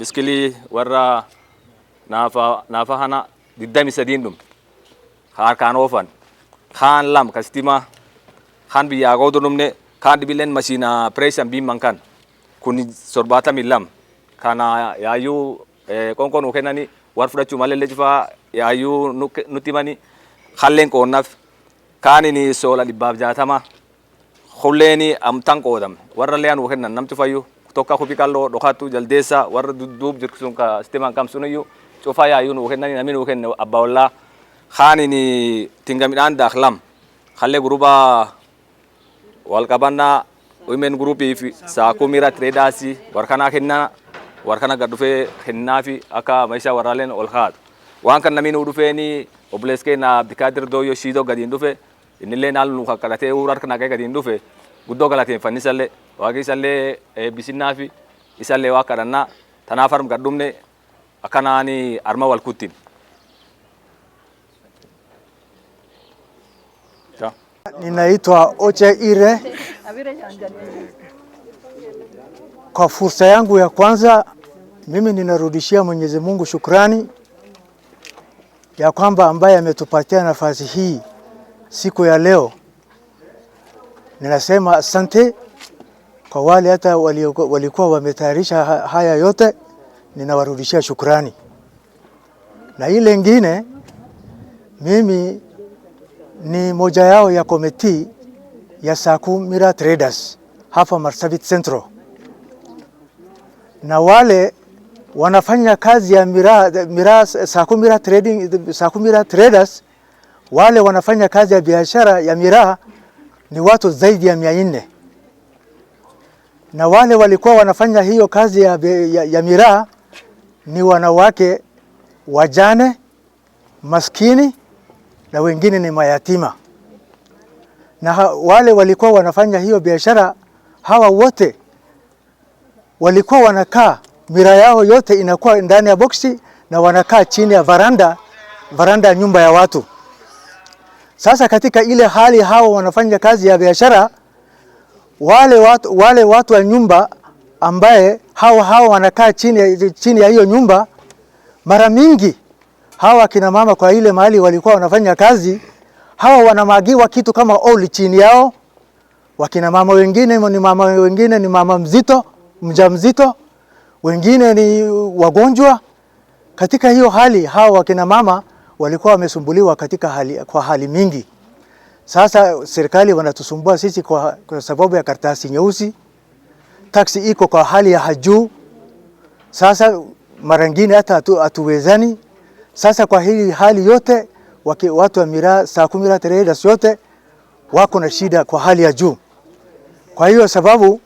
biskilii warra naafa hana diddami sadiin ɗum kaan oofan kaan lam ka stima kaan biyya agoodo ɗumne kaan ɗiɓilen machina pression bimman kan kun sorbaatami lam kana yaayyuu qonkon u kennani war fudhachuu malee lejifa yaayyuu nutti mani halleen qoonnaaf kaanin soola dhibbaaf jaatama hulleeni amtan qoodam warra leyan u kennan namti fayyu kutoka kopi kallo dhokatu jaldeessa warra dudduub jirkisuun ka sisteemaan kamsuniyyuu cufaa yaayuun ukennani namin ukenne abbaa ollaa haanini tinga midhaan daaklam halle guruba walqabannaa women guruupiif saa kumiira tireedaasi warkanaa kennaa warkana gad dhufee kennaafi akka meeshaa warraaleen ol kaatu waan kan namin dhufeeni obboleesskeena abdikaadir dooyyoo shiidoo gadiin dhufe innillee naal nu kakkadhatee uuraa kana gadiin dhufe guddoo galateeffanni isallee waaqi isallee eebbisinaa eh, fi isallee waaqa kadhannaa tanaaf harmi gadhumne akkanaan arma wal Ninaitwa Oche Ire. Kwa fursa yangu ya kwanza, mimi ninarudishia Mwenyezi Mungu shukrani ya kwamba ambaye ametupatia nafasi hii siku ya leo Ninasema asante kwa wale hata walikuwa wametayarisha haya yote, ninawarudishia shukrani. Na hii lengine, mimi ni moja yao ya komiti ya Sakumira Traders hapa Marsabit Central, na wale wanafanya kazi ya mira, mira, Sakumira Trading, Sakumira Traders wale wanafanya kazi ya biashara ya miraa ni watu zaidi ya mia nne na wale walikuwa wanafanya hiyo kazi ya, ya, ya miraa ni wanawake wajane, maskini na wengine ni mayatima, na ha, wale walikuwa wanafanya hiyo biashara, hawa wote walikuwa wanakaa, miraa yao yote inakuwa ndani ya boksi na wanakaa chini ya varanda, varanda ya nyumba ya watu. Sasa katika ile hali hawa wanafanya kazi ya biashara, wale watu, wale watu wa nyumba ambaye hao hao wanakaa chini, chini ya hiyo nyumba, mara mingi hawa kina mama kwa ile mahali walikuwa wanafanya kazi, hawa wanamagiwa kitu kama oli chini yao. Wakina mama wengine ni mama wengine ni mama mzito, mjamzito, wengine ni wagonjwa. Katika hiyo hali hawa wakina mama walikuwa wamesumbuliwa katika hali, kwa hali mingi. Sasa serikali wanatusumbua sisi kwa, kwa sababu ya karatasi nyeusi, taksi iko kwa hali ya juu. Sasa mara nyingine hata hatuwezani. Sasa kwa hili hali yote waki, watu wa miraa la Traders yote wako na shida kwa hali ya juu. Kwa hiyo sababu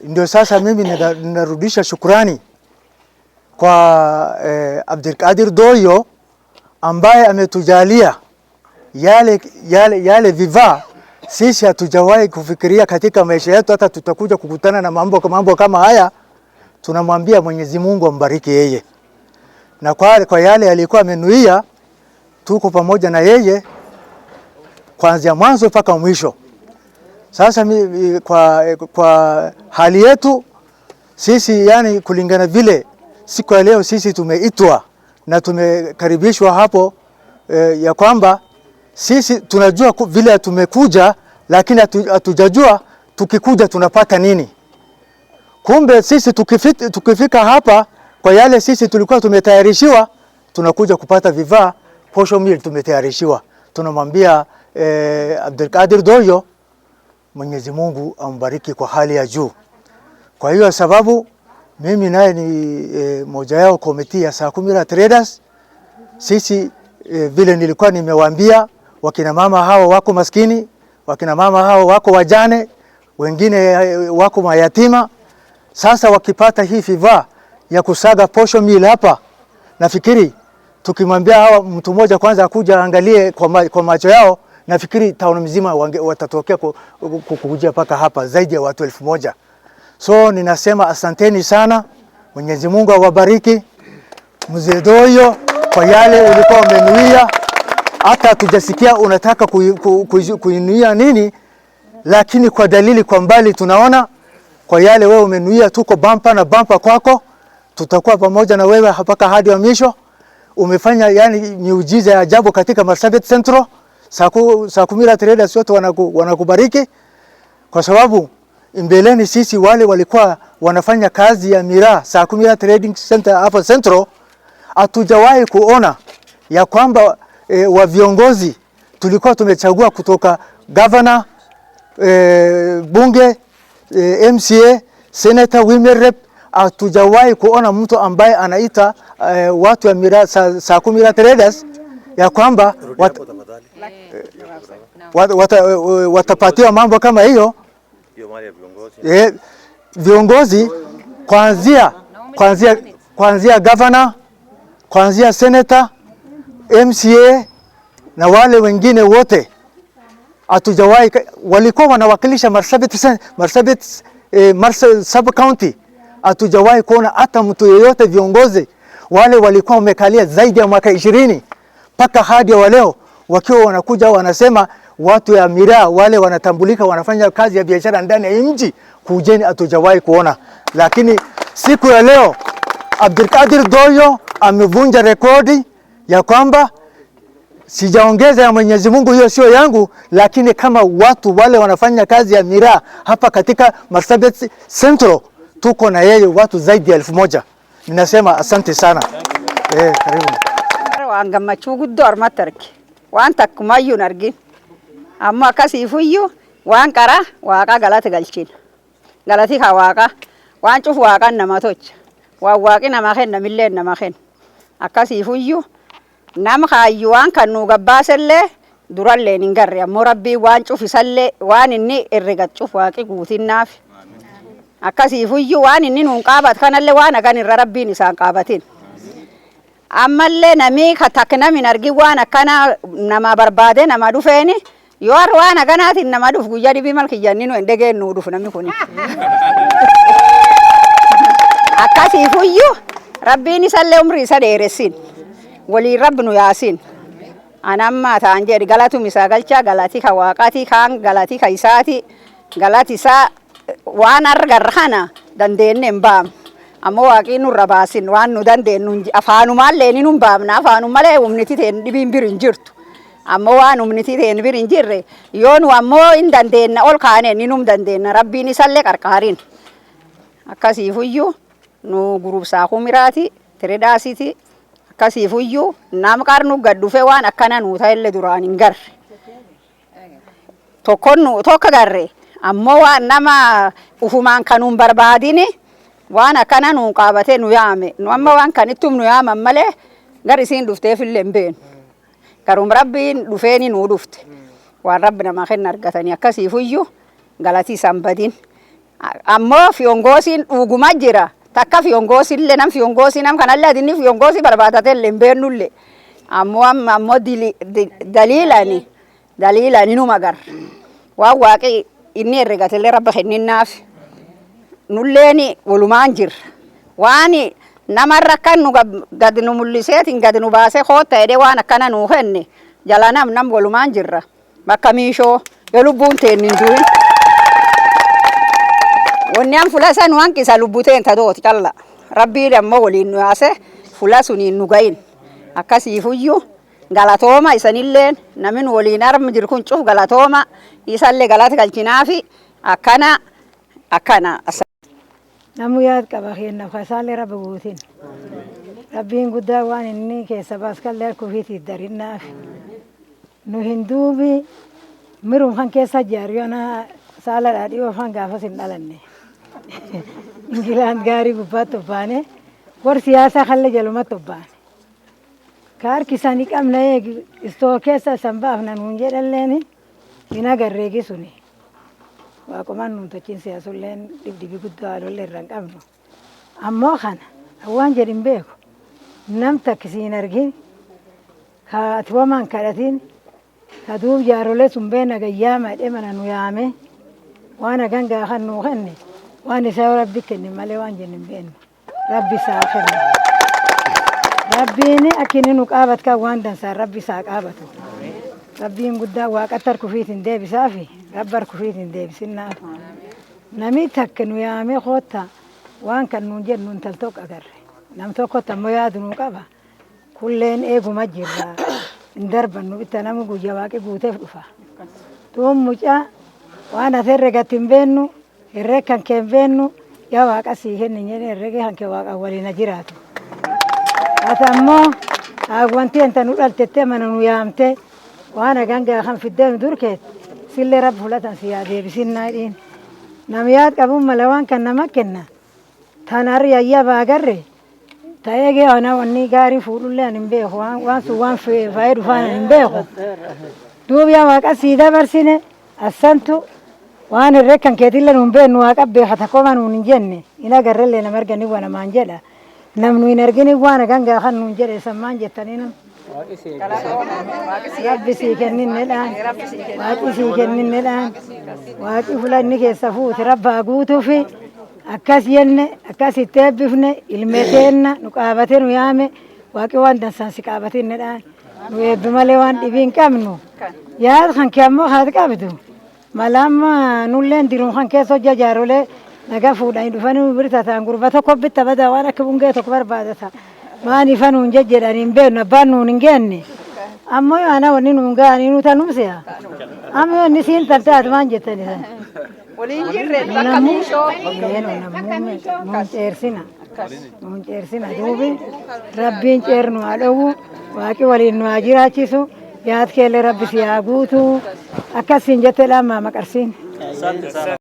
ndio sasa mimi ninarudisha shukurani kwa eh, Abdulkadir Doyo ambaye ametujalia yale, yale, yale vivaa sisi hatujawahi kufikiria katika maisha yetu, hata tutakuja kukutana na mambo, mambo kama haya. Tunamwambia Mwenyezi Mungu ambariki yeye na kwa, kwa yale alikuwa amenuia, tuko pamoja na yeye kuanzia mwanzo mpaka mwisho. Sasa mi, kwa, kwa hali yetu sisi yani kulingana vile siku ya leo sisi tumeitwa na tumekaribishwa hapo eh, ya kwamba sisi tunajua vile tumekuja, lakini hatujajua tukikuja tunapata nini. Kumbe sisi tukifika, tukifika hapa kwa yale sisi tulikuwa tumetayarishiwa, tunakuja kupata vivaa posho mil tumetayarishiwa. Tunamwambia eh, Abdulkadir Doyo, Mwenyezi Mungu ambariki kwa hali ya juu. Kwa hiyo sababu mimi naye ni e, moja yao komiti ya la Traders. Sisi e, vile nilikuwa nimewaambia wakina mama hao wako maskini, wakina mama hao wako wajane, wengine e, wako mayatima. Sasa wakipata hii vifaa ya kusaga posho mili hapa, nafikiri tukimwambia hawa mtu mmoja kwanza akuja angalie kwa, kwa macho yao, nafikiri taoni mzima watatokea kukujia paka hapa zaidi ya watu elfu moja. So ninasema asanteni sana, Mwenyezi Mungu awabariki mzee Doyo kwa yale ulikuwa umenuia. Hata tujasikia unataka kuinuia nini, lakini kwa dalili kwa mbali tunaona kwa yale wewe umenuia, tuko bampa na bampa kwako, tutakuwa pamoja na wewe mpaka hadi wa mwisho. Umefanya yani miujiza ya ajabu katika Marsabit Central. Saa kumi la trade wote wanakubariki kwa sababu mbeleni sisi wale walikuwa wanafanya kazi ya miraa ya Trading Center hapo Central, hatujawahi kuona ya kwamba e, wa viongozi tulikuwa tumechagua kutoka governor e, bunge e, MCA senator, women rep, hatujawahi kuona mtu ambaye anaita e, watu ya miraa ya Traders ya kwamba wat, wat, e, watapatiwa mambo kama hiyo eh, viongozi kuanzia kuanzia kuanzia governor kuanzia senator MCA na wale wengine wote hatujawahi, walikuwa wanawakilisha Marsabit, Marsabit, eh, Marsabit sub county. Hatujawahi kuona hata mtu yeyote viongozi wale walikuwa wamekalia zaidi ya mwaka ishirini mpaka hadi wa leo wakiwa wanakuja wanasema watu ya miraa wale wanatambulika, wanafanya kazi ya biashara ndani ya mji, kujeni hatujawahi kuona, lakini siku ya leo Abdulkadir Doyo amevunja rekodi ya kwamba sijaongeza ya Mwenyezi Mungu, hiyo sio yangu. Lakini kama watu wale wanafanya kazi ya miraa hapa katika Marsabit Central, tuko na yeye watu zaidi ya elfu moja. Ninasema asante sana eh, karibu amma akkasiifuyyuu waan qaraa waaqa galata galchina. galati kan waaqaa waan cufu waaqaan nama tolcha. Waan waaqi nama kenna millee nama kenna. Akkasiifuyyuu nam kaayyuu waan kan nuu gabbaasellee durallee hin garre ammoo rabbiin waan cufisallee waan inni herrega cufu waaqi guutinnaaf. Akkasiifuyyuu waan inni nuun qaabatu kanallee waan hagan irra rabbiin isaan qaabatin. Ammallee namii takka namni hin argin waan akkanaa nama barbaade nama dhufeeni. yoo harri waan haganaatiin nama dhufu guyyaa dhibii malkiyyaanni nu hin dhageenyu dhufu namni kun. Akkasiifuyyuu rabbiin isallee umrii isa dheeressin waliin rabbi nu yaasin. Anammaa ta'an jedhi galatum isaa galchaa galati ka waaqaati kaan galati ka isaati galati isaa waan argarra kana dandeenne hin baamne. Ammoo waaqiin nurra baasin waan nu dandeenyu afaanumaan leenii nu hin baamna afaanuma malee humniti dhibiin biri hin jirtu. ammoo waan humni teen bir hin jirre yoo nu ammoo hin dandeenna ol kaane ni num dandeenna rabbiin isallee qarqaarin fuyyu nu gurubsaa kumiraati tiredhaasiti fuyyu nam qarnu gad dhufe waan akkana nu ta'ellee duraan hin garre nu tokko garre ammoo waan nama ufumaan kanuun barbaadini waan akkana nu qaabate nu yaame nu amma waan kanittum nu yaaman malee gar isiin dhufteefillee hin beenu. كروم ربين دفيني نودفت وربنا ما خلنا رجعتني أكسي فيو غلطي سامبدين أما في أنغوسين وجمجرة تكا في أنغوسين لنام في أنغوسين نام كان الله دني في أنغوسين برباتة لنبير نولي أما أما دليلاني دليلاني نو مغر وواقي إني رجعت لي رب خنين ناف نوليني ولومانجر واني Namarra akkan nu gad nu mul'iseetiin gad nu baasee koottaa jedhee waan akkana nuu kenne jala nam nam walumaan jirra. Bakka miishoo yoo lubbuun teennin duun. Wanni an fula san hanqisa lubbuu teen tadooti calla. Rabbiin ammoo waliin nu yaase fula suniin nu gahin. Akkasiifuyyuu galatooma isanilleen namni nu waliin arma jiru kun cuf galatooma isallee galata galchinaafi akkana akkana. namuyaad qaba kenna kasaalee rabba guutin rabbiin guddaa waan inni keessa baas kallee kufiitiif darinnaaf nu hin duubi mirum kan keessa jaariyona saala dhaadhiyoo fan gaafas hin dhalanne ingilaan gaarii gubbaatti obbaane war siyaasaa kalle jalumatti obbaane kaarkisan hiqabne istoo keessa san baafnan hun jedhalleen hin agarreegi suni waaqomaan nuuntachiin siyaasolleen dhibdhibii guddaa lolle irra hin qabnu. Ammoo kana waan hin beeku nam takkisii hin argin ati homaan kadhatiin ka duub jaarolee sun beena gayyaa nu yaame waan hagan kan nuu kenne waan isaa rabbi kenne malee waan jennu hin beeknu rabbi isaa kenne. Rabbiin akka inni nu qaabat waan rabbi isaa qaabatu. Rabbiin guddaa waaqatti harkufiit hin deebisaafi rabba harkufiit hin deebisinaaf. Namni takka nu yaamee koottaa waan kan nuun jennu intal tokko agarre. Nam tokko ammoo yaadu nuu qaba. Kulleen eeguma jirra. Hin darbannu bitta nama guyyaa waaqi guuteef dhufa. Tuun mucaa waan ati herregatti hin beennu, herreg kan kee beennu, yaa waaqa sii kenni jedhee herregee kan kee waaqaan waliin jiraatu. Ati ammoo wanti anta nu dhaltettee mana nu yaamtee وأنا كان جاخن في الدم دركت سلي رب فلا تنسي هذه بسنا إن نميات قبل ملوان كنا مكنا تناري أيا باقري تايجي أنا وني قاري فول الله نبيه وان وان سوان في فاير فان نبيه دوب يا واقع سيدا برسنة السنتو وان الركن كتير لهم بين واقع بيحتكمان ونجني إلى قرر لنا مرجني وانا مانجلا نمنو ينرجني وانا كان جاخن نجري سمان جتنينا Rabbi sii kenninnedhaan waaqi sii kenninnedhaan waaqi fulanni keessa fuute rabbaa guutuuf akkas jenne akkas itti eebbifne ilmee keenna nu qaabatee nu yaame waaqi waan dansaan si qaabatinnedhaan nu eebbi malee waan dhibii hin qabnu yaad kan kee ammoo haat qabdu malaamma nulleen dirum kan keessa hojja jaarolee naga fuudhanii dhufanii biritataan gurba tokko bitta badaa waan akka bungee tokko barbaadata. maani fanuun jajjedhan hin beeknu abbaan nuun hin geenne ammoo ana wanni nuun ga'anii nu tanumsea amma wanni siin taltaat maan jettan isan waliin jirre bakka miishoo nuun ceersina nuun ceersina duubi rabbiin ceernu haa dhowwu waaqi waliin nu haa jiraachisu yaad keelle rabbi si haa guutu akkasiin jette dhaan maama